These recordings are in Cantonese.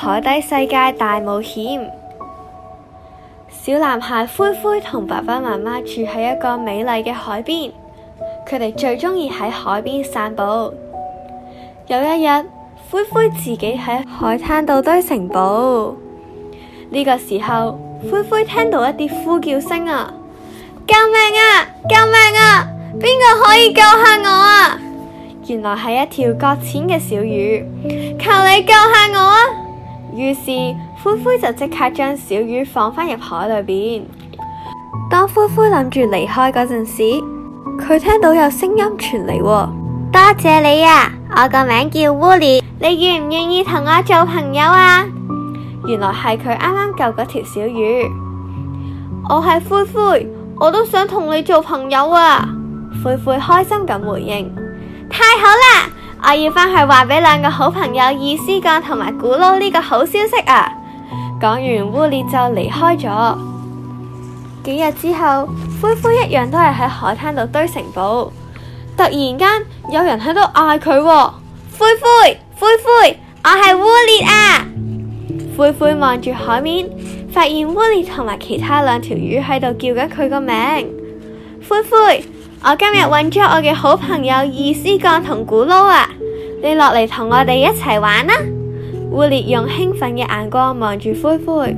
海底世界大冒險，小男孩灰灰同爸爸媽媽住喺一個美麗嘅海邊，佢哋最鍾意喺海邊散步。有一日，灰灰自己喺海灘度堆城堡，呢個時候灰灰聽到一啲呼叫聲啊！救命啊！救命啊！邊個可以救下我啊？原來係一條擱淺嘅小魚，求你救下我啊！於是灰灰就即刻將小魚放返入海裏邊。當灰灰諗住離開嗰陣時，佢聽到有聲音傳嚟，哦，多謝你啊！我個名叫烏烈，你願唔願意同我做朋友啊？原來係佢啱啱救嗰條小魚。我係灰灰，我都想同你做朋友啊！灰灰開心咁回應：太好啦！我要返去話俾兩個好朋友意思干同埋古佬呢個好消息啊！講完烏烈就離開咗。幾日之後，灰灰一樣都係喺海灘度堆城堡。突然間有人喺度嗌佢：灰灰，灰灰，我係烏烈啊！灰灰望住海面，發現烏烈同埋其他兩條魚喺度叫緊佢個名。灰灰，我今日揾咗我嘅好朋友意思干同古佬啊！你落嚟同我哋一齊玩啦！狐狸用興奮嘅眼光望住灰灰，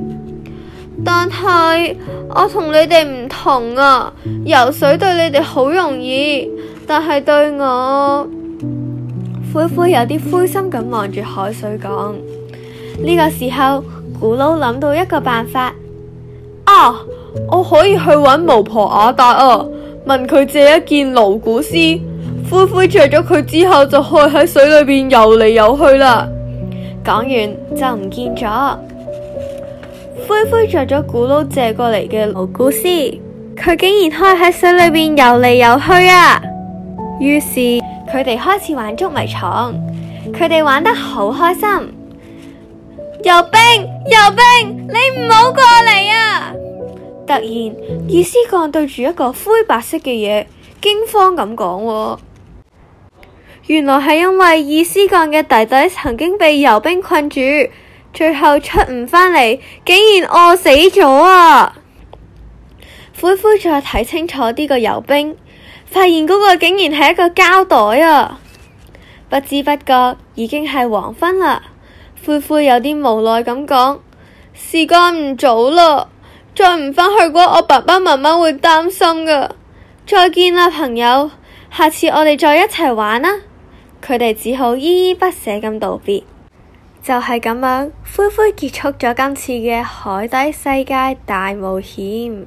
但係我同你哋唔同啊！游水對你哋好容易，但係對我，灰灰有啲灰心咁望住海水講。呢個時候，古老諗到一個辦法，啊！我可以去搵巫婆亞達啊，問佢借一件老古斯。灰灰着咗佢之後，就開喺水裏邊游嚟游去啦。講完就唔見咗。灰灰着咗古佬借過嚟嘅老古詩，佢竟然開喺水裏邊游嚟游去啊！於是佢哋開始玩捉迷藏，佢哋玩得好開心。游冰，游冰，你唔好過嚟啊！突然，意思干對住一個灰白色嘅嘢，驚慌咁講哦。原來係因為易思干嘅弟弟曾經被游兵困住，最後出唔返嚟，竟然餓死咗啊！灰灰再睇清楚呢個游兵，發現嗰個竟然係一個膠袋啊！不知不覺已經係黃昏啦，灰灰有啲無奈咁講：時間唔早啦，再唔返去嘅話，我爸爸媽媽會擔心噶。再見啦，朋友，下次我哋再一齊玩啦。佢哋只好依依不捨咁道別，就係咁樣，灰灰結束咗今次嘅海底世界大冒險。